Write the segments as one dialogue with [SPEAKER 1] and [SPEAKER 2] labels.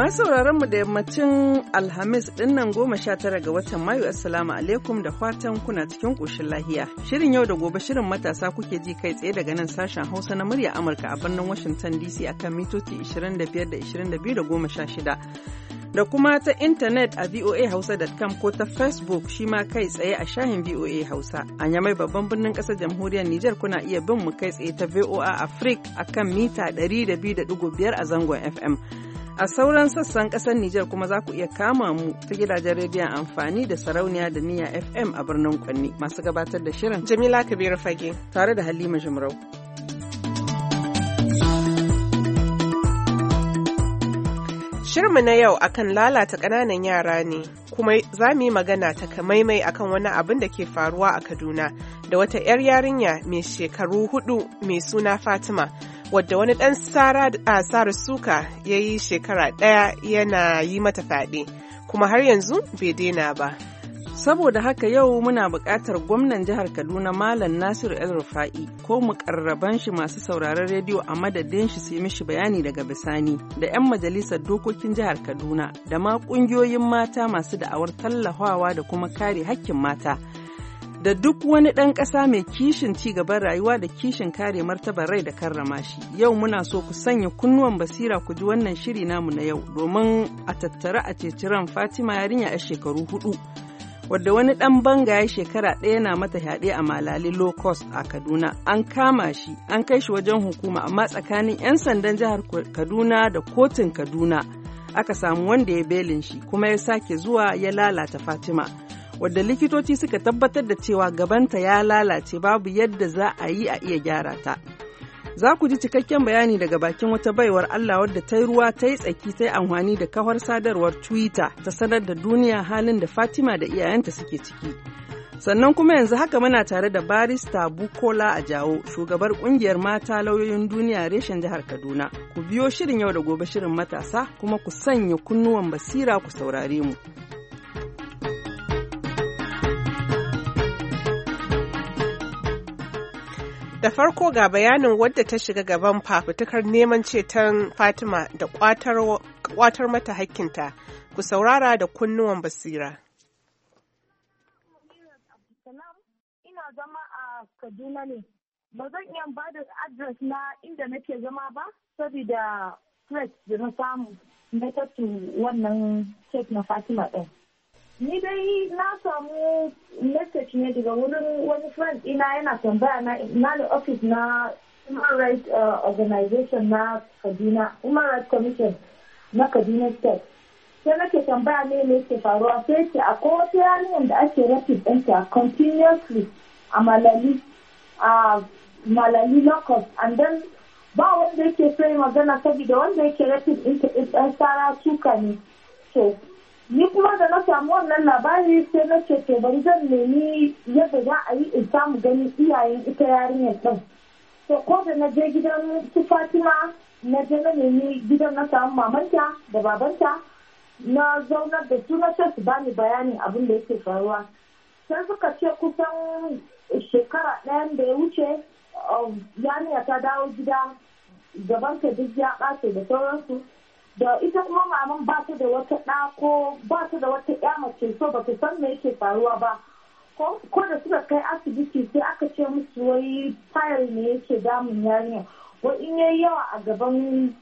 [SPEAKER 1] Masu mu da yammacin Alhamis ɗin nan goma sha tara ga watan Mayu Assalamu alaikum da fatan kuna cikin ƙoshin lahiya. Shirin yau da gobe shirin matasa kuke ji kai tsaye daga nan sashen Hausa na murya Amurka a birnin Washington DC akan mitoci 25 da 22 da goma sha shida. Da kuma ta intanet a voahausa.com ko ta Facebook shi ma kai tsaye a shahin VOA Hausa. A yamai babban birnin ƙasar jamhuriyar Nijar kuna iya bin mu kai tsaye ta VOA Africa akan mita 102.5 a zangon FM. A sauran sassan ƙasar Nijar kuma za ku iya kama mu ta gidajen rediyon amfani da sarauniya da niya FM a birnin Kwanni masu gabatar da shirin. Jamila Kabiru Fage. Tare da Halima Jumrau.
[SPEAKER 2] Shirmu na yau akan lalata ƙananan yara ne, kuma za mu yi magana takamaimai akan wani abin da ke faruwa a Kaduna da wata 'yar yarinya mai shekaru hudu mai suna Fatima. wadda wani ɗan sara suka ya yi shekara ɗaya yana yi mata fyaɗe kuma har yanzu bai
[SPEAKER 1] daina ba. Saboda haka yau muna buƙatar gwamnan jihar Kaduna Malam Nasiru El Rufa'i ko muƙarraban shi masu sauraron rediyo a madadin shi su yi mishi bayani daga bisani da 'yan majalisar dokokin jihar Kaduna da ma ƙungiyoyin mata masu da'awar tallafawa da kuma kare hakkin mata. da duk wani ɗan ƙasa mai kishin ci gaban rayuwa da kishin kare martabar rai da karrama shi. Yau muna so ku sanya kunnuwan basira ku ji wannan shiri namu na yau domin a tattara a ceci ran Fatima yarinya a shekaru hudu. Wadda wani ɗan banga ya shekara ɗaya na mata yaɗe a malali low cost a Kaduna. An kama shi, an kai shi wajen hukuma amma tsakanin 'yan sandan jihar Kaduna da kotun Kaduna aka samu wanda ya belin shi kuma ya sake zuwa ya lalata Fatima. wadda likitoci suka tabbatar da cewa gabanta ya lalace babu yadda za a yi a iya gyara ta. Za ku ji cikakken bayani daga bakin wata baiwar Allah wadda ta yi ruwa ta yi tsaki ta yi amfani da kawar sadarwar Twitter ta sanar da duniya halin da Fatima da iyayenta suke ciki. Sannan kuma yanzu haka muna tare da barista Bukola a jawo shugabar kungiyar mata lauyoyin duniya reshen jihar Kaduna. Ku biyo shirin yau da gobe shirin matasa kuma ku sanya kunnuwan basira ku saurare mu.
[SPEAKER 2] Da farko ga bayanin wadda ta shiga gaban fafutukar neman ceton Fatima da kwatar mata hakkinta, ku saurara da kunnuwan basira.
[SPEAKER 3] ina zama a Kaduna ne. Ba zan iya ba da adres na inda nake zama ba, saboda press da na samu na tattu wannan kek na Fatima ɗin. ni dai na samu message ne daga wurin wani friend ina yana tambaya na na office na human rights uh, organization na kaduna human rights commission na kaduna state sai nake tambaya ne ne ke faruwa sai ce a kowace yanayin da ake rapid ɗinta continuously a malali a malali locus and then ba wanda yake sai magana saboda wanda yake rapid ɗinta ɗan sara suka ne so. ni kuma da na samu wannan labari sai na ce to bari zan nemi yadda za a yi in samu ganin iyayen ita yarinyar ɗin to ko da na je gidan su fatima na je na nemi gidan na samu mamanta da babanta na zaunar da su na ce su bani bayanin abin da yake faruwa sai suka ce kusan shekara ɗaya da ya wuce um, yarinya ta dawo gida ta duk ya ɓace da sauransu da ita kuma maman ba ta da wata ɗa ko ba ta da wata ƴa mace so ba ta san me yake faruwa ba ko da suka kai asibiti sai aka ce musu wai fayar ne yake damun yarinya wai in yayi yawa a gaban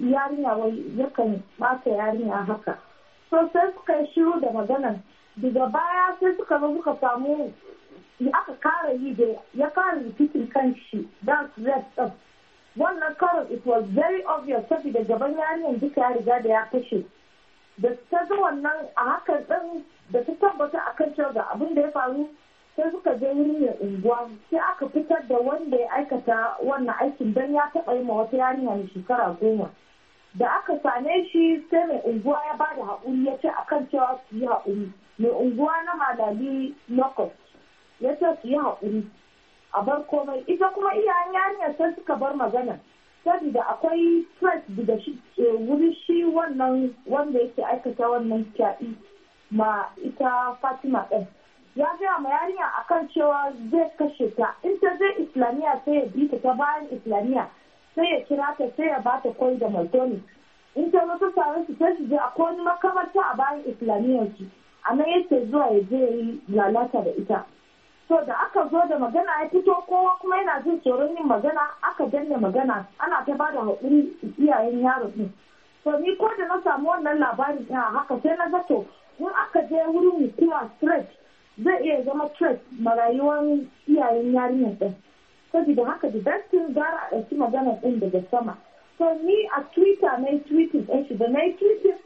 [SPEAKER 3] yarinya wai yakan ɓata yarinya haka so sai suka yi shiru da maganan daga baya sai suka zo suka samu aka kara yi da ya kara rikitin kan shi dan wannan karin it was very obvious saboda gaban yarinyar duka ya riga da ya kashe da ta ga wannan a hakan din da ta tabbata a kan cewa ga abin da ya faru sai suka je wurin mai unguwa sai aka fitar da wanda ya aikata wannan aikin don ya taɓa yi ma wata yarinya shekara goma da aka same shi sai mai unguwa ya ba da haƙuri ya ce akan cewa su yi haƙuri mai unguwa na malali locust ya ce su yi haƙuri a bar komai ita kuma iyayen yarinyar sai suka bar magana saboda akwai stress daga shi wuri shi wannan wanda yake aikata wannan fyaɗi ma ita fatima ɗin ya gaya ma yarinya akan cewa zai kashe ta in ta zai islamiyya sai ya bita ta bayan islamiyya sai ya kira ta sai ya bata kwai da martoni in ta zo ta sami su sai su je a bayan islamiyyar su a nan yake zuwa ya je yi lalata da ita so da aka zo da magana ya fito kowa kuma yana jin tsoron yin magana aka danne magana ana ta bada haƙuri iyayen yaro ɗin to ni ko da na samu wannan labarin a haka sai na zato in aka je wurin hukuma stress zai iya zama stress ma rayuwar iyayen yarinyar ɗin saboda haka da dattin gara a ɗauki magana ɗin daga sama to ni a twitter na yi tweeting ɗin shi da na yi tweeting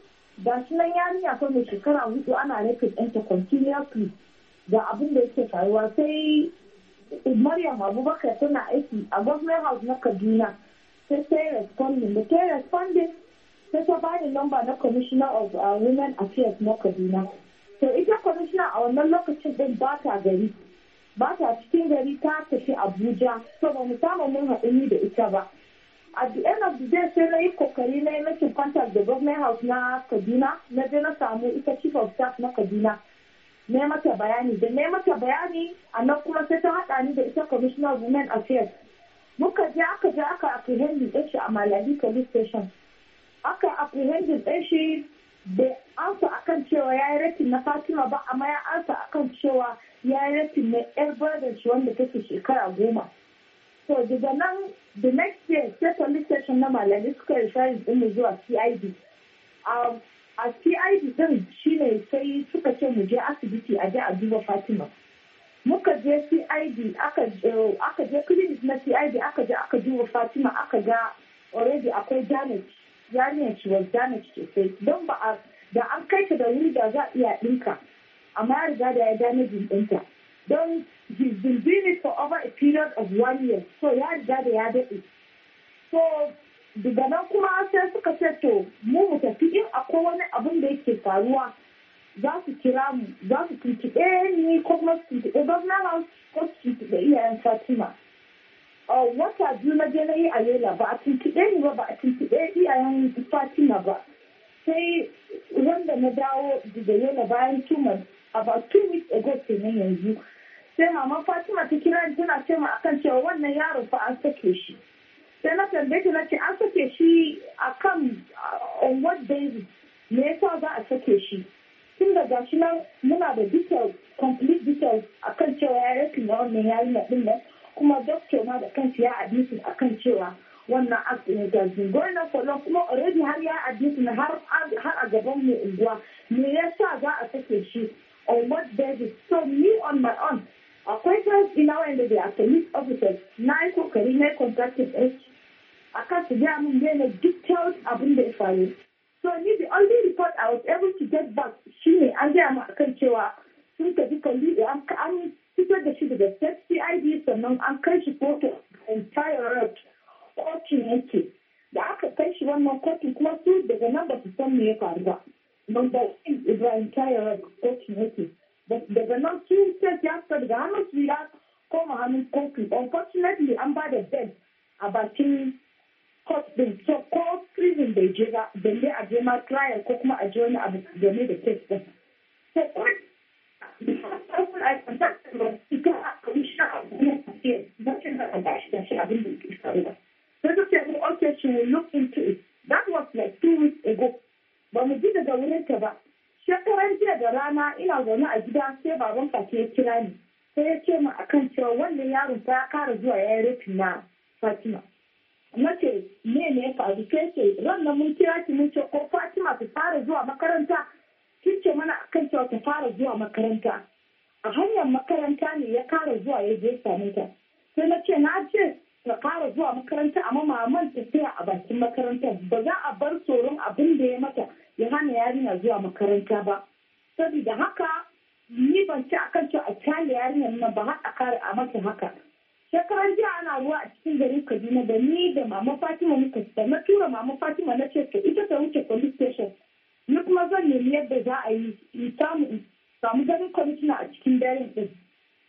[SPEAKER 3] ga shi nan yarinya ko mai shekara hudu ana record ɗinta continuously da abin da yake faruwa sai maryam abubakar tana aiki a government house na kaduna sai sai responding da sai responding sai ta bani lamba na commissioner of uh, women affairs na kaduna to ita commissioner a wannan lokacin din ba ta gari ba ta cikin gari ta tafi abuja so ba mu samu mun haɗu da ita ba at the end of the day sai na yi kokari na yi makin contact da government house na kaduna na je na samu ita chief of staff na kaduna ne mata bayani da ne mata bayani a nan kuma sai ta haɗa ni da ita commissioner women affairs muka je aka je aka apprehend ɗin shi a malali police station aka apprehend ɗin shi bai ansa akan cewa ya yi rafin na fatima ba amma ya ansa akan cewa ya yi rafin na yar brother shi wanda take shekara goma so daga nan the next day sai police station na malali suka yi sharing ɗin zuwa cid um, a cid din shine sai suka ce mu je asibiti a je a duba fatima muka je cid aka je clinic na cid aka je aka duba fatima aka ga already akwai damage yanayin was damage sosai don ba a da an kai ta da wuri da za iya ɗinka amma ya riga da ya damage ɗinta don he's been doing for over a period of one year so ya riga da ya daɗe so daga nan kuma sai suka ce to mu mu tafi in akwai wani abin da yake faruwa za su kira mu za su tuntuɓe ni ko kuma su tuntuɓe gwamna ko su tuntuɓe iyayen fatima wata biyu na je na yi a yola ba a tuntuɓe ni ba ba a tuntuɓe iyayen fatima ba sai wanda na dawo daga yola bayan tumar about two weeks ago kenan yanzu sai mama fatima ta kira ni tana ce akan cewa wannan yaron fa an sake shi sai na tambaye na ce an sake shi a kan uh, onward basis me yasa za a sake shi tun da gashi nan muna da details complete details akan cewa ya rasu na wannan ya na din nan kuma doctor ma da kansa ya admit akan cewa wannan accident da zingon na kwallon kuma already har ya admit na har a gaban mu unguwa me yasa za a sake shi on what basis so me on my own akwai friends ina wanda da police officers na yi kokari na yi contacting akaziyamungene detailed abin da ya faru so ni the only report i was able to get back shine an gaya mu akan cewa sun tafi kalli da an fitar da shi daga state cid sannan an kai shi kotu entire road kotun yake da aka kai shi wannan kotun kuma su daga nan ba su san me ya faru ba number one ibrahim tire road kotun yake daga nan su state ya fita daga hannun su ya koma hannun kotu unfortunately an ba da bed a bakin court din so ko prison bai je ba balle a je ma trial ko kuma a je wani abu game da case din so court a a ce ba shi shi okay she will look into it that was like two weeks ago ba mu ji da wurin ta ba shekaran jiya da rana ina zaune a gida sai baban kake ya kira ni sai ya ce mu akan cewa wannan yaron fa ya kara zuwa ya yi na Fatima na ce me ne ya faru sai ce wannan mun kira ki mun ce ko Fatima ta fara zuwa makaranta kin ce mana kan cewa ta fara zuwa makaranta a hanyar makaranta ne ya fara zuwa ya je same sai na ce na ce ta fara zuwa makaranta amma maman ta tsaya a bakin makarantar ba za a bar tsoron abin da ya mata ya hana yarinya zuwa makaranta ba saboda haka ni ban ci akan cewa a kyale yarinyar nan ba har a kare a mata haka shekaran jiya ana ruwa a cikin garin kaduna da ni da mama fatima muka fita na tura mama fatima na ce to ita ta wuce police station ni kuma zan nemi yadda za a yi in samu in samu ganin commissioner a cikin daren din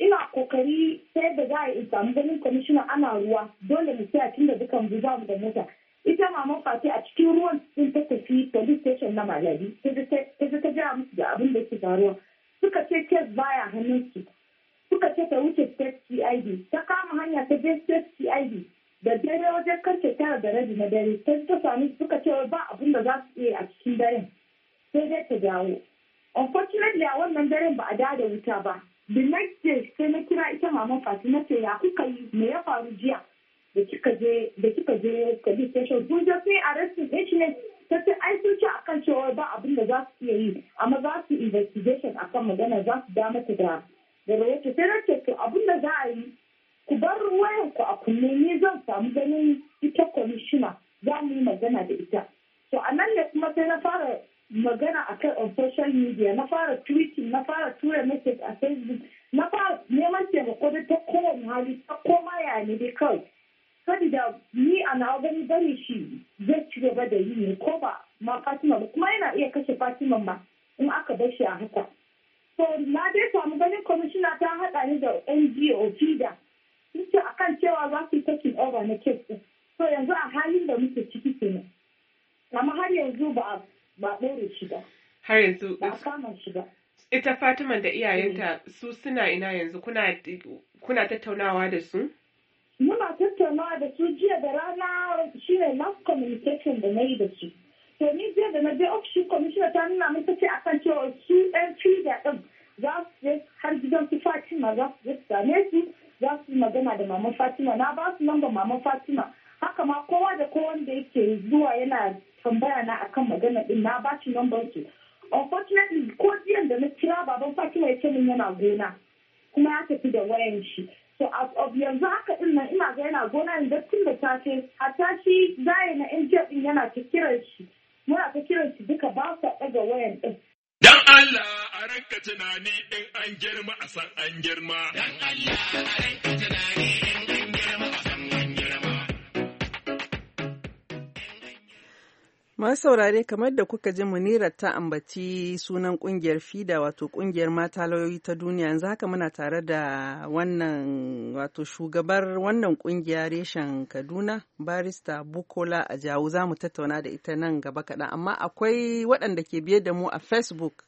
[SPEAKER 3] ina kokari sai da za a yi in samu ganin commissioner ana ruwa dole mu sai a tunda dukan mu ba mu da mota ita mama fati a cikin ruwan sun ta tafi police station na malari ta ta ta musu da abin da ke faruwa suka ce kes baya hannun su suka ce ta wuce state cid ta kama hanya ta je state cid da dare wajen karfe tara da rabi na dare ta ta sami suka ce ba abin da za su iya a cikin daren sai dai ta dawo unfortunately a wannan daren ba a da da wuta ba the next day sai na kira ita mama fati na ce ya kuka yi me ya faru jiya da kika je da kika je police station kun je sai ne ta ce ai sun ce akan cewa ba abin da za su iya yi amma za su investigation akan magana za su da mata da ya yake sai ce to abin da za a yi ku bar wayan ku a kunne ni zan samu ganin ita kwamishina za mu yi magana da ita to a nan ne kuma sai na fara magana a kai on social media na fara tweeting na fara tura message a facebook na fara neman taimako da ta kowane hali ta koma ya ne dai kawai da ni a na gani bari shi zai ci gaba da yi ne ko ba ma fatima ba kuma yana iya kashe fatima ba in aka bar shi a haka to na dai samu ganin kwamishina ta haɗa ni da ngo fida ce a kan cewa za su yi taking over na kes ɗin to yanzu a halin da muke ciki kenan amma har yanzu ba ba ɗaure shi ba har yanzu ba a kama shi ba
[SPEAKER 2] ita Fatima da iyayenta mm. su suna ina yanzu kuna kuna tattaunawa da su
[SPEAKER 3] muna tattaunawa da su jiya da rana shine mass communication da na yi da su to ni jiya da na je ofishin kwamishina ta nuna min ta ce kan cewa su yan fida din za oh, su je har gidan su fatima za su je su same su za su magana da mama fatima na ba su lamba mama fatima haka ma kowa da kowa da yake zuwa yana tambaya na akan magana din na ba shi lambar su unfortunately ko jiyan da na kira baban fatima ya ce min yana gona kuma ya tafi da wayan shi so of yanzu haka din nan ina ga yana gona ne tun da safe a tashi zai na jiya din yana ta kiran shi muna ta kiran shi duka ba sa ɗaga wayan ɗin.
[SPEAKER 4] Dan Allah a ranka tunani in an girma a san an
[SPEAKER 1] girma. Dan Allah a ranka tunani in an Masu saurare kamar da kuka ji munirar ta ambaci sunan kungiyar FIDA wato kungiyar mata lauyoyi ta duniya yanzu haka muna tare da wannan wato shugabar wannan kungiya reshen Kaduna barista Bukola Ajawu za mu tattauna da ita nan gaba kaɗan amma akwai waɗanda ke biye da mu a Facebook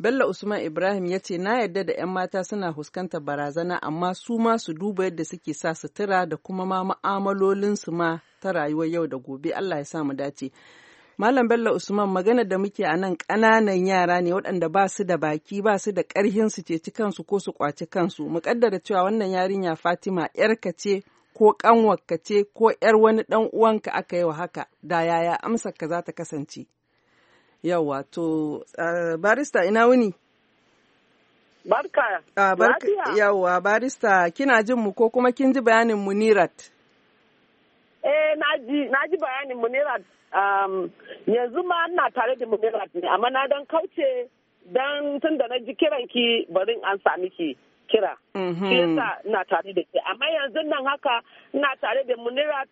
[SPEAKER 1] Bello Usman Ibrahim ya ce na yadda da 'yan mata suna fuskantar barazana amma su ma su duba yadda suke sa sutura da kuma ma mu'amalolinsu ma ta rayuwar yau da gobe Allah ya sa mu dace. Malam Bello Usman magana da muke a nan ƙananan yara ne waɗanda ba su da baki ba su da ƙarhin su ceci kansu ko su kwaci kansu. Mu cewa wannan yarinya Fatima ‘yarka ce ko ƙanwarka ce ko ƴar wani ɗan uwanka aka yi wa haka da yaya ka za ta kasance. Yawwa to uh, barista ina wuni? Barka. Uh, barka yawwa barista kina jin mu ko kuma kin ji bayanin Munirat?
[SPEAKER 4] Eh na ji na bayanin Munirat um, yanzu ma ina tare da Munirat ne amma na dan kauce dan tun da na ji kiran ki barin an sami ki kira.
[SPEAKER 2] Mhm. Shi yasa
[SPEAKER 4] ina tare da ke amma yanzu nan haka ina tare da Munirat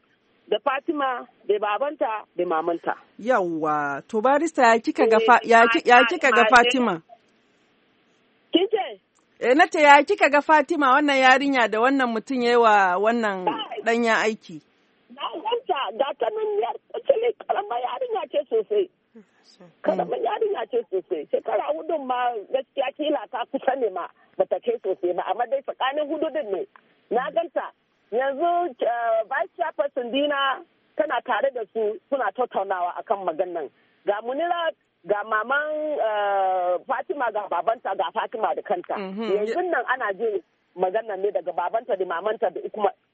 [SPEAKER 4] da Fatima da babanta da mamanta.
[SPEAKER 1] Yawwa, to barista ya kika ga eh, ya kika ga Fatima? Kin ce? Eh na ta ya kika ga Fatima wannan yarinya da wannan mutum yayi wa wannan danya aiki.
[SPEAKER 4] na wanta ga ta yar tsali karamar yarinya ce sosai karamar yarinya ce sosai shekara hudun ma gaskiya kila ta kusa ne ma bata kai sosai ba amma dai tsakanin hududin ne na ganta yanzu eh, vice chairperson dina tana tare da su suna tattaunawa akan maganan ga munira ga maman eh, fatima ga babanta ga fatima da kanta mhm. yanzu nan ana jin maganan ne daga babanta da mamanta da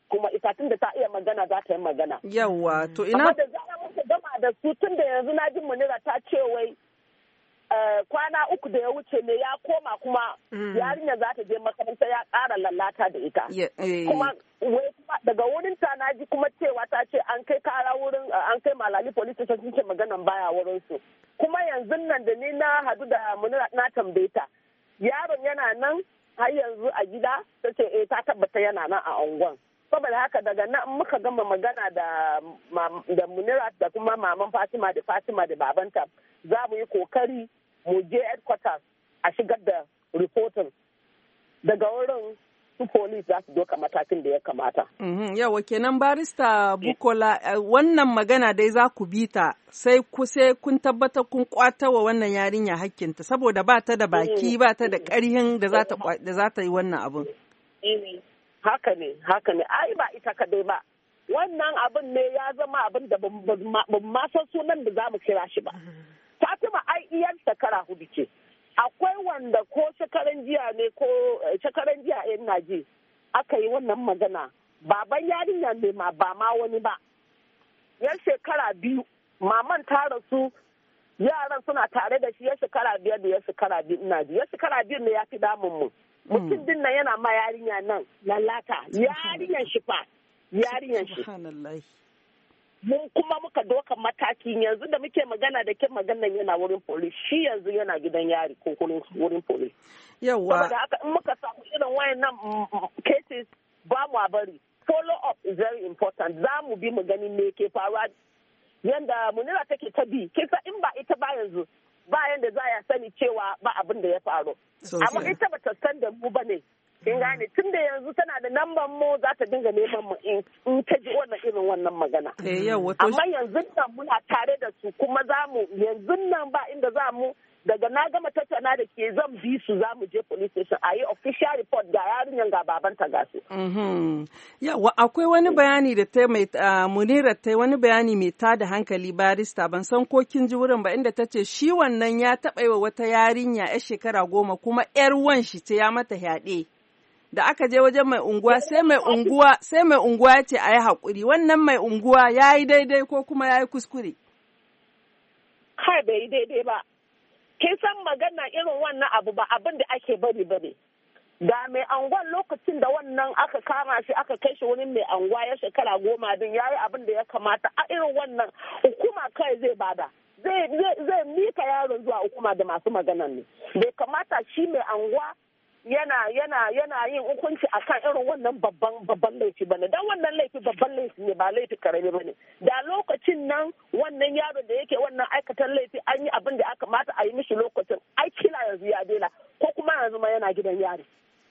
[SPEAKER 4] kuma ita tun da ta iya magana za ta yi magana.
[SPEAKER 1] Yawwa to ina. Amma da
[SPEAKER 4] zara muka gama da su tun da yanzu na ji munira ta ce wai eh, kwana uku da ya wuce ne ya koma kuma mm. yarinya za ta je makaranta ya kara lalata da ita. Eh. Kuma daga wurin ta na ji kuma cewa ta ce an kai kara wurin eh, an kai malali police station sun ce maganan baya wurin su. Kuma yanzu nan da ni na hadu da munira na tambaye ta. Yaron yana nan har yanzu a gida ta ce eh ta tabbata yana nan a unguwan. saboda haka daga nan muka gama magana da da munirat da kuma maman fatima da fatima da babanta za mu yi kokari mu je headquarters a shigar da reporting daga wurin su police za su doka matakin da ya kamata. Mhm, yawa
[SPEAKER 1] kenan barista Bukola eh, wannan magana dai za ku bi ta sai ku sai kun tabbatar kun wa wannan yarinya hakkinta saboda ba ta da baki mm. ba ta da ƙarhin da za ta yi wannan abin.
[SPEAKER 4] Mm. haka ne haka ne ai ba ita kadai ba wannan abin ne ya zama abin da ban ma san sunan da zamu kira shi ba fatima ai iyar shekara hudu ce akwai wanda ko shekaran jiya ne ko eh, shekaran jiya yan aka yi wannan magana baban yarinya ne ma ba ma wani ba yan shekara biyu maman ta rasu yaran suna tare da shi ya shekara biyar da ya shekara biyu ina ji ya shekara biyu ne ya fi damun mu mutum din nan yana ma yarinya nan lalata yarinyan shi fa yarinyan shi mun kuma muka doka mataki yanzu da muke magana da ke maganan yana wurin polis shi yanzu yana gidan yari ko wurin polis yawa saboda haka in muka samu irin wayannan mm, mm, mm, cases ba mu a bari follow up is very important za mu bi mu gani me ke faruwa yanda munira take ta bi kisa in ba ita ba yanzu ba da za ya sani cewa ba abin da ya faru amma ita ba ta san da mu ba ne kin mm. gane tun da yanzu tana da namban mu za ta dinga neman mu in ta ji wannan irin wannan magana eh, amma yanzu nan muna tare da su kuma za mu yanzu nan ba inda za mu daga na gama tattauna da ke zan bi su za mu je police station a yi official report ga yarinyar ga babanta ga su.
[SPEAKER 1] Mhm. Yawa akwai wani bayani da ta mai munira ta wani bayani mai ta da hankali barista ban san ko kin ji wurin ba inda ta ce shi wannan ya taɓa yi wa wata yarinya 'yar shekara goma kuma 'yar wan shi ce ya mata yaɗe. da aka je wajen mai unguwa sai mai unguwa sai mai unguwa ce a yi haƙuri wannan mai unguwa ya yi daidai ko kuma ya yi kuskure.
[SPEAKER 4] Kai bai yi daidai ba kin san magana irin wannan abu ba abin da ake bari bane da mai angon lokacin da wannan aka kama shi aka kai shi wani mai anguwa ya shekara goma din ya yi abin da ya kamata a irin wannan hukuma kai zai bada zai mika yaron zuwa hukuma da masu maganan ne bai kamata shi mai anguwa yana yana yana yin hukunci kan irin wannan babban babban laifi bane dan wannan laifi babban laifi ne ba laifi karami bane da lokacin nan wannan yaro da yake wannan aikatan laifi an yi abin da aka mata a yi mishi lokacin ai kila yanzu ya dela ko kuma yanzu ma yana gidan yari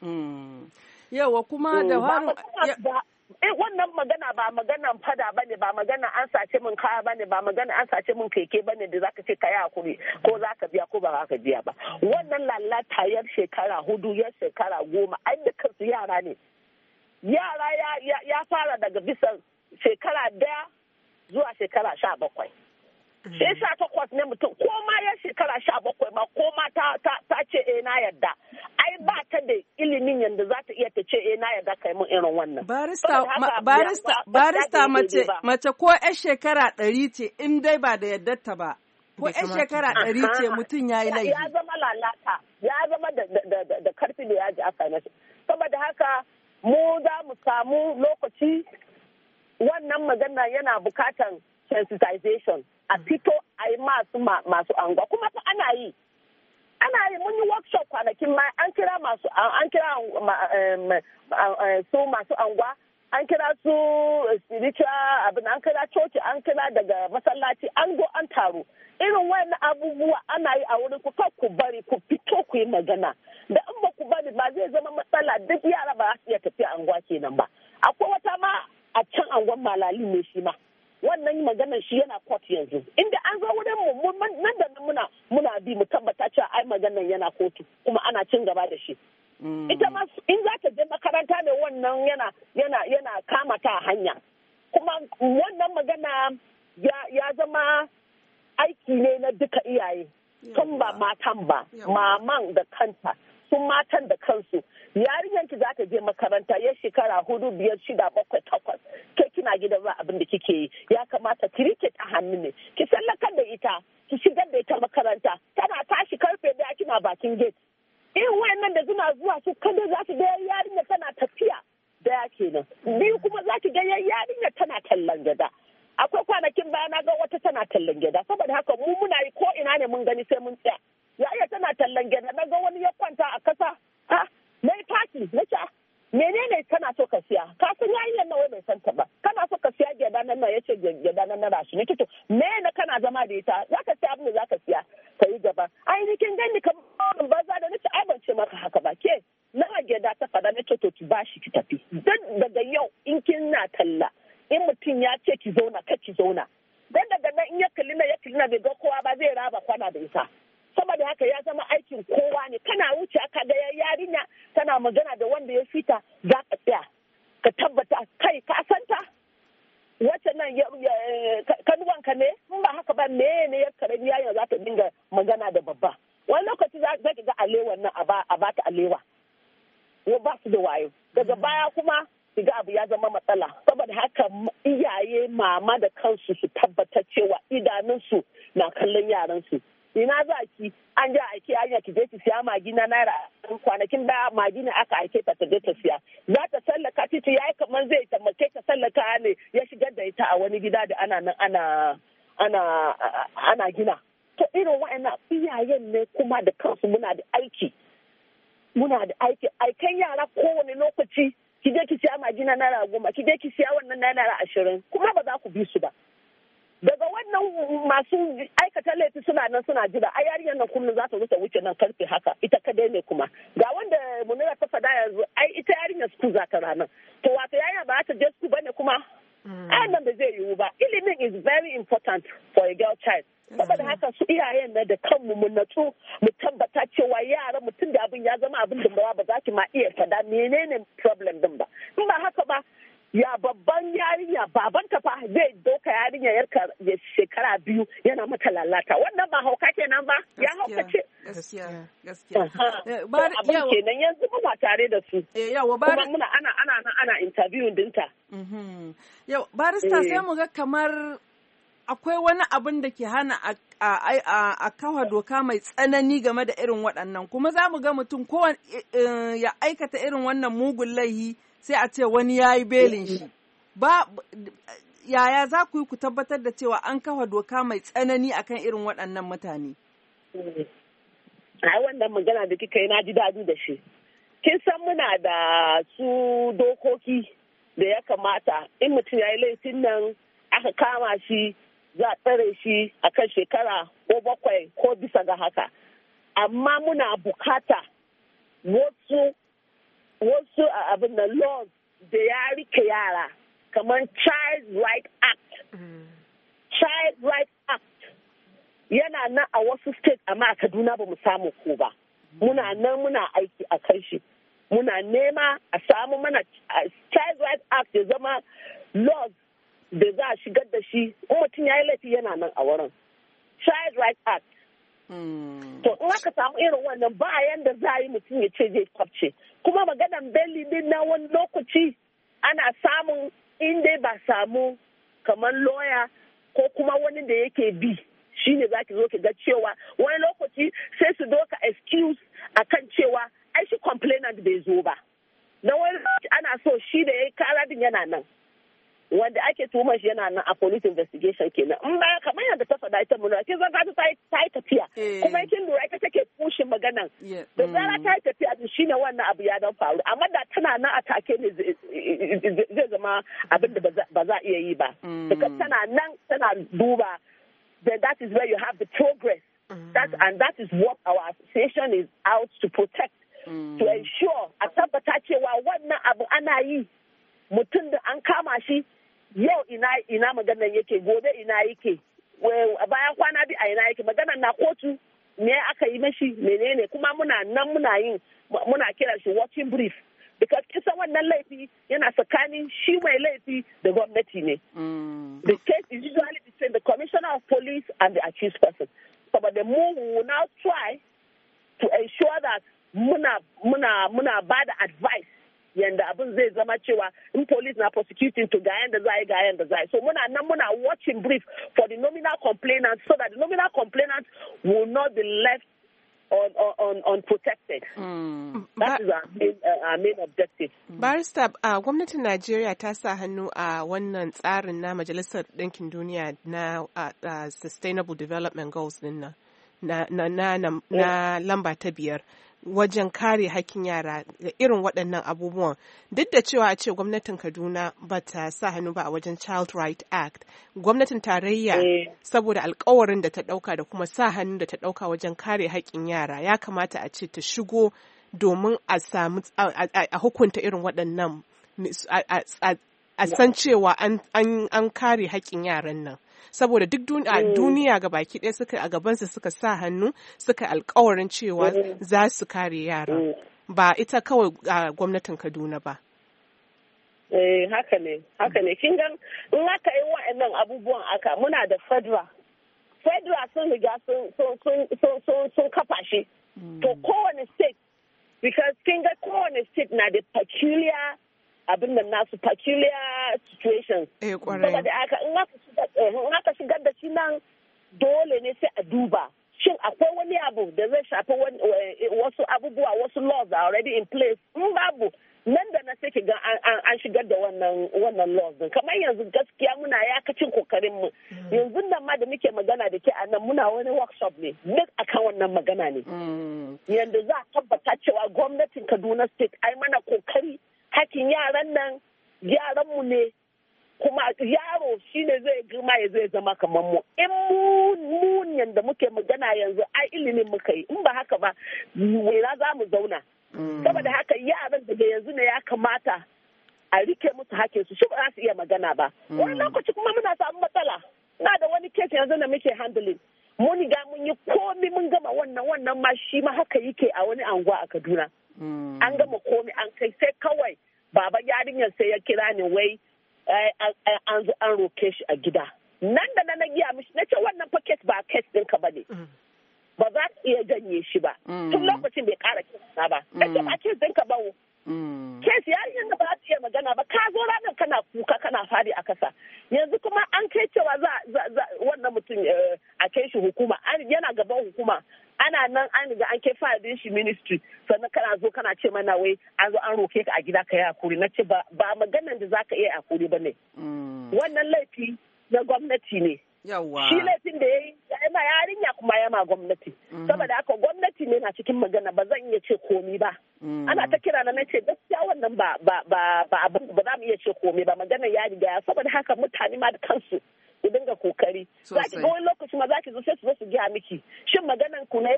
[SPEAKER 4] hmm. yawa kuma hmm, da eh wannan magana ba maganan fada bane ba magana an sace min kaya bane ba magana an sace min keke bane da zaka ce kaya hakuri ko zaka biya ko ba zaka biya ba wannan lalata yar shekara hudu yar shekara goma ai da su yara ne yara ya fara daga bisa shekara daya zuwa shekara sha bakwai sai sa takwas ne mutum ko ma ya shekara sha bakwai ma ko ma ta ce eh na yarda ai ba ta da ilimin yadda za ta iya ta ce eh na yarda kai mun irin wannan barista
[SPEAKER 1] mace ko yar shekara ɗari ce in dai ba da yardar ta ba
[SPEAKER 4] ko ya shekara ɗari ce mutum ya yi laifi. Ya zama lalata, ya zama da karfi da yaji aka nashi. Saboda haka mu za mu samu lokaci wannan magana yana bukatan sensitization a mm. fito a yi masu masu anguwa kuma fa ana yi ana yi mun yi workshop kwanakin ma an kira masu an kira su masu anguwa an kira su spiritual abin an kira coci an kira daga masallaci an go an taro irin wani abubuwa ana yi a wurin ku ku bari ku fito ku yi magana da in ba ku bari ba zai zama matsala duk yara ba za su iya tafiya anguwa kenan ba akwai wata ma a can anguwan malali ne shi ma wannan maganar shi yana court yanzu inda an zo wurin mu nan da nan muna muna bi mu tabbata cewa ai maganar yana kotu kuma ana cin gaba da shi mm. ita ma in za ta je makaranta ne wannan yana yana yana kama ta hanya kuma wannan magana ya zama aiki ne na duka iyaye tun ba matan ba maman da kanta sun matan da kansu yarinyar ki za ta je makaranta ya shekara hudu biyar shida bakwai takwas ke kina gidan ba abin da kike yi ya kamata ki rike ta hannu ne ki sallakar da ita ki shigar da ita makaranta tana tashi karfe daya kina bakin gate in wayannan da suna zuwa su kada za su ga yarinya tana tafiya daya kenan biyu kuma za ki ga yarinya tana tallan gada akwai kwanakin baya na ga wata tana tallan gida saboda haka mu muna yi ko ina ne mun gani sai mun tsaya ya tana tallan gida na ga wani ya kwanta a kasa ha na yi aike anya ki je ki siya magi na naira kwanakin da magi ne aka aike ta je ta siya za ta sallaka titi yayi kamar zai tamake ta sallaka ne ya shigar da ita a wani gida da ana nan ana ana ana gina to irin wa'annan iyayen ne kuma da kansu muna da aiki muna da aiki aikan yara kowane lokaci ki je ki siya magi na naira goma ki je ki siya wannan naira ashirin kuma ba za ku bi su ba daga wannan masu aikata laifi suna nan suna jira a yarinyar nan kullum za ta wuce wuce nan karfe haka ita kadai ne kuma ga wanda munira ta fada yanzu ai ita yarinyar su za ta ranar to wato yaya ba ta je su bane kuma mm. ayan nan ba zai yiwu ba ilimin is very important for a girl child saboda haka su iyayen na da kanmu mu natsu mu tabbata cewa yara mutum da abin ya zama abin da ba za ki ma iya fada menene problem din ba in ba haka ba ya babban yarinya babanta fa zai doka yarinya yarka ya shekara biyu yana mata lalata wannan ba hauka kenan ba ya hauka ce gaskiya gaskiya eh, abin kenan yanzu ba tare da su eh, yawa ba muna ana ana ana ana interview dinta mhm. yau barista eh. sai mu
[SPEAKER 1] ga kamar akwai wani abin da ke hana a kawo doka mai tsanani game da irin waɗannan kuma za mu ga mutum ko ya aikata irin wannan mugun laihi sai a ce wani ya yi belin shi eh, eh. ba yaya za ku yi ku tabbatar da cewa an kafa doka mai tsanani akan
[SPEAKER 4] irin waɗannan mutane eh, a wannan magana da kika yi na ji daɗi da shi kin san muna da su dokoki da ya kamata in mutum ya yi laifin nan aka kama shi za a tsare shi a kan shekara ko bakwai ko bisa ga haka amma muna bukata wasu wasu abin da laws da ya rike yara kamar child right act child right act yana nan a wasu state amma a kaduna ba mu samu ko ba muna nan muna aiki a kan shi muna nema a samu mana child right act ya zama laws da za a shigar da shi in mutum ya yi laifi yana nan a wurin child right act hmm. to in aka samu irin wannan ba yanda za a yi mutum ya ce zai kwabce kuma maganan beli din na wani lokaci ana samun in dai ba samu kamar loya ko kuma wani da yake bi shi ne za ki zo ki ga cewa wani lokaci sai su doka excuse a kan cewa ai shi complainant bai zo ba na wani ana so shi da ya yi kara yana nan wanda ake tuhumar shi yana nan a police investigation kenan in ba kamar yadda ta faɗa ita mun kin san ta ta yi tafiya kuma kin lura ita take kushin maganan da zara ta yi tafiya shine wannan abu ya dan faru amma da tana nan a take ne zai zama abin da ba za iya yi ba because tana nan tana duba then that is where you have the progress that and that is what our association is out to protect to ensure a tabbata cewa wannan abu ana yi mutum da an kama shi yau ina ina maganan yake gobe ina yake bayan kwana bi a ina yake maganan na kotu ne aka yi mashi menene kuma muna nan muna yin muna kiran shi watching brief because kisa wannan laifi yana tsakanin shi mai laifi da gwamnati ne. Mm. The case is usually between the commissioner of police and the accused person. Saboda mu will now try to ensure that muna muna muna ba advice yanda abin zai zama cewa in police na prosecuting to ga yanda za a yi ga yanda za a yi so muna nan muna watching brief for the nominal complainant so that the nominal complainant will not be left on, on, on protected. Mm. our main, uh, our main objective.
[SPEAKER 2] Hmm. Barista, uh, gwamnatin Najeriya hannu a wannan tsarin na Majalisar Ɗinkin Duniya na uh, uh, Sustainable Development Goals Na, na, na, na eh. lamba ta biyar. wajen kare hakkin yara da irin waɗannan abubuwan duk da cewa a ce gwamnatin kaduna ba ta sa hannu ba a wajen child right act gwamnatin tarayya eh. saboda alkawarin da ta ɗauka da kuma sa hannu da ta ɗauka wajen kare hakkin yara ya kamata a ce ta shigo domin a samu a hukunta irin waɗannan a san cewa an kare hakkin yaran nan saboda duk mm. duniya ga baki ɗaya suka a gabansa suka sa hannu suka alkawarin cewa mm. za su kare yara mm. ba ita kawai a gwamnatin kaduna ba
[SPEAKER 4] Eh, haka ne, haka ne. Kin gan in aka yi wa'annan abubuwan aka muna da fedra. Fedra sun riga sun kafa shi. To kowane state, because kin ga kowane state na da peculiar abin nan nasu peculiar situations. Eh, Saboda haka eh, in aka shigar da shi nan dole ne sai a duba. Shin akwai wani abu da zai shafi eh, wasu abubuwa wasu laws are already in place? In babu nan da na sai ki ga an shigar da wannan wannan laws din. Kamar yanzu gaskiya muna yakacin kokarin mu. Mm. Yanzu nan ma da muke magana da ke a nan muna wani workshop ne duk akan wannan magana ne. Mm. Yanda za a tabbata cewa gwamnatin Kaduna State ai mana kokari Hakin yaran nan mu ne kuma yaro shine zai girma ya zai zama kamar mu in mu yanda muke magana yanzu ai ilimin muka yi in ba haka ba wela za mu zauna mm. saboda haka yaran daga yanzu ne ya kamata a rike musu hake su shi ba za su iya magana ba mm. wani lokaci kuma muna samu matsala na da wani kes yanzu da muke handling mun ga mun yi komi mun gama wannan wannan ma shi ma haka yake a wani anguwa a Kaduna. Mm. An gama komi an kai sai kawai baba yarinyar sai ya kira ni wai eh, an zo an roke shi a gida. Nan da na giya mishi na ce wannan paket ba kes ɗinka ba ne. Mm. Ba za ka iya janye shi ba. Mm. Tun lokacin bai kara kesa ba. Na ce ba kes ɗinka ba Kes yarinyar da ba za ta iya magana ba ka zo ranar kana kuka kana fadi a kasa. yanzu kuma an kai cewa za wannan mutum eh, a kai shi hukuma yana gaban hukuma ana nan an riga an kai fadin shi ministry sannan kana zo kana ce mana wai an zo an roke ka a gida ka yi hakuri na ce ba maganan da zaka iya hakuri ba ne mm. wannan laifi na gwamnati ne Yawwa. Shi laifin da ya yi ma yarinya kuma yama gwamnati. Mhm. Saboda haka gwamnati ne na cikin magana ba zan iya ce komi ba. Mhm. Ana ta kira na ce gaskiya wannan ba ba ba za mu iya ce komi ba magana ya riga ya saboda haka mutane ma da kansu su dinga kokari. Za ki ga wani lokaci ma za ki zo sai su zo su gaya miki. Shin maganan ku ne?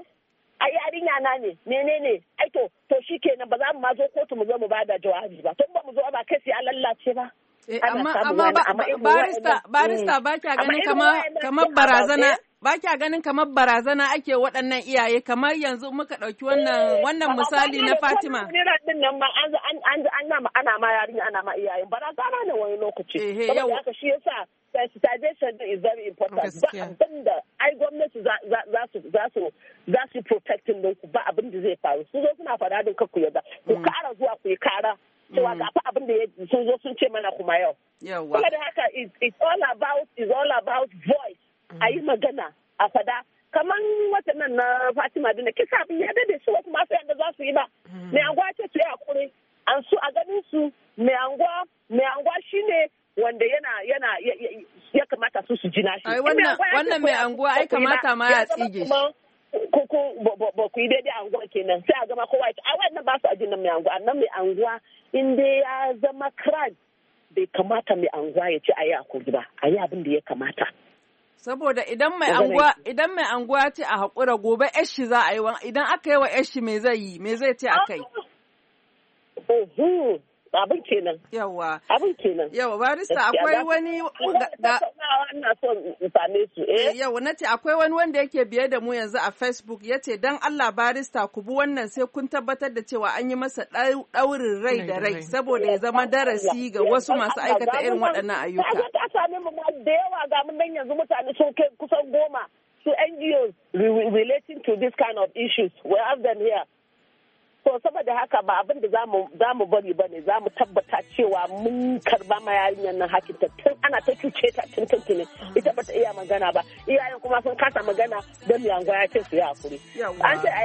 [SPEAKER 4] a yarinya na ne menene ai to to kenan ba za mu ma zo kotu mu zo mu bada jawabi ba tun ba mu zo ba kai sai a lallace ba Eh, amma barista barista mm. ba ganin kamar barazana ba ganin
[SPEAKER 1] kamar barazana ake waɗannan iyaye kamar yanzu muka ɗauki wannan eh, wannan misali na Fatima. Naira
[SPEAKER 4] din nan ma an an an ana ma yarinya ana ma iyaye barazana ne wani lokaci. Saboda haka shi yasa sensitization is very important. Ba da ai gwamnati za su za su za su protecting ɗinku ba abin da zai faru. Su zo suna faɗa din kakku yadda. Ku kara mm. zuwa ku yi kara cewa ga fa abin da ya sun zo sun ce mana kuma yau kuma da haka it's all about it's all about voice a yi magana a fada kaman wata nan na Fatima Dina kisa abin ya dade su wasu masu yadda za su yi ba hmm. mai anguwa ce su yi hakuri an su a ganin su mai anguwa mai anguwa shine wanda yana yana ya kamata su su jina shi wannan mai anguwa ai kamata ma ya tsige shi ba yi daidai anguwa kenan sai a gama kowa ya a wannan ba su a jinin mai anguwa nan mai anguwa in dai ya zama crime bai kamata mai anguwa ya ce a yi hakuri ba a yi abin da ya kamata.
[SPEAKER 1] Saboda idan mai anguwa idan mai anguwa ce a hakura gobe shi za a yi idan aka yi wa yashi me zai yi me zai ce a kai.
[SPEAKER 4] abin kenan yawa abin kenan yawa barista akwai wani ga
[SPEAKER 1] akwai wani wanda yake biye da mu yanzu a Facebook yace dan Allah barista ku bi wannan sai kun tabbatar da cewa an yi masa ɗaurin rai da rai saboda ya eh, zama darasi ga eh, wasu masu aikata irin waɗannan ayyuka a
[SPEAKER 4] ta sami mu ma da yawa ga mun nan yanzu mutane sun kai kusan goma su NGOs relating to this kind of issues we have them here to saboda haka ba abin da za mu bari ba ne za mu tabbata cewa mun karba ma yarinyar nan ta tun ana ta cuce ta tun tuntuni ita ba ta iya magana ba iyayen kuma sun kasa magana don ya ya ce su ya akuri an ce a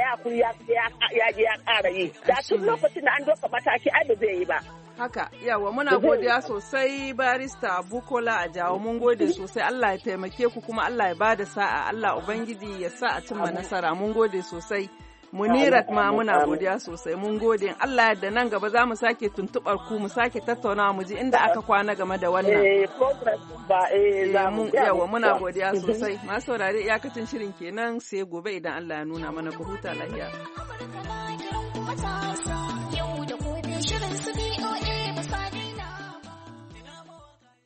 [SPEAKER 4] ya ya ya ƙara yi da tun lokacin da an doka mataki ai ba zai yi ba haka yawa muna godiya
[SPEAKER 1] sosai barista bukola a jawo mun gode sosai allah ya taimake ku kuma allah ya bada sa'a allah ubangiji ya sa a cimma nasara mun gode sosai Munirat ma muna godiya sosai mun gode Allah yadda nan gaba za mu sake tuntubar ku mu sake tattaunawa mu ji inda aka kwana game da wannan. Eh
[SPEAKER 4] ba eh, eh za mu yawa muna godiya sosai.
[SPEAKER 1] Masu saurare iyakacin shirin kenan sai gobe idan Allah ya nuna mana ku huta lafiya.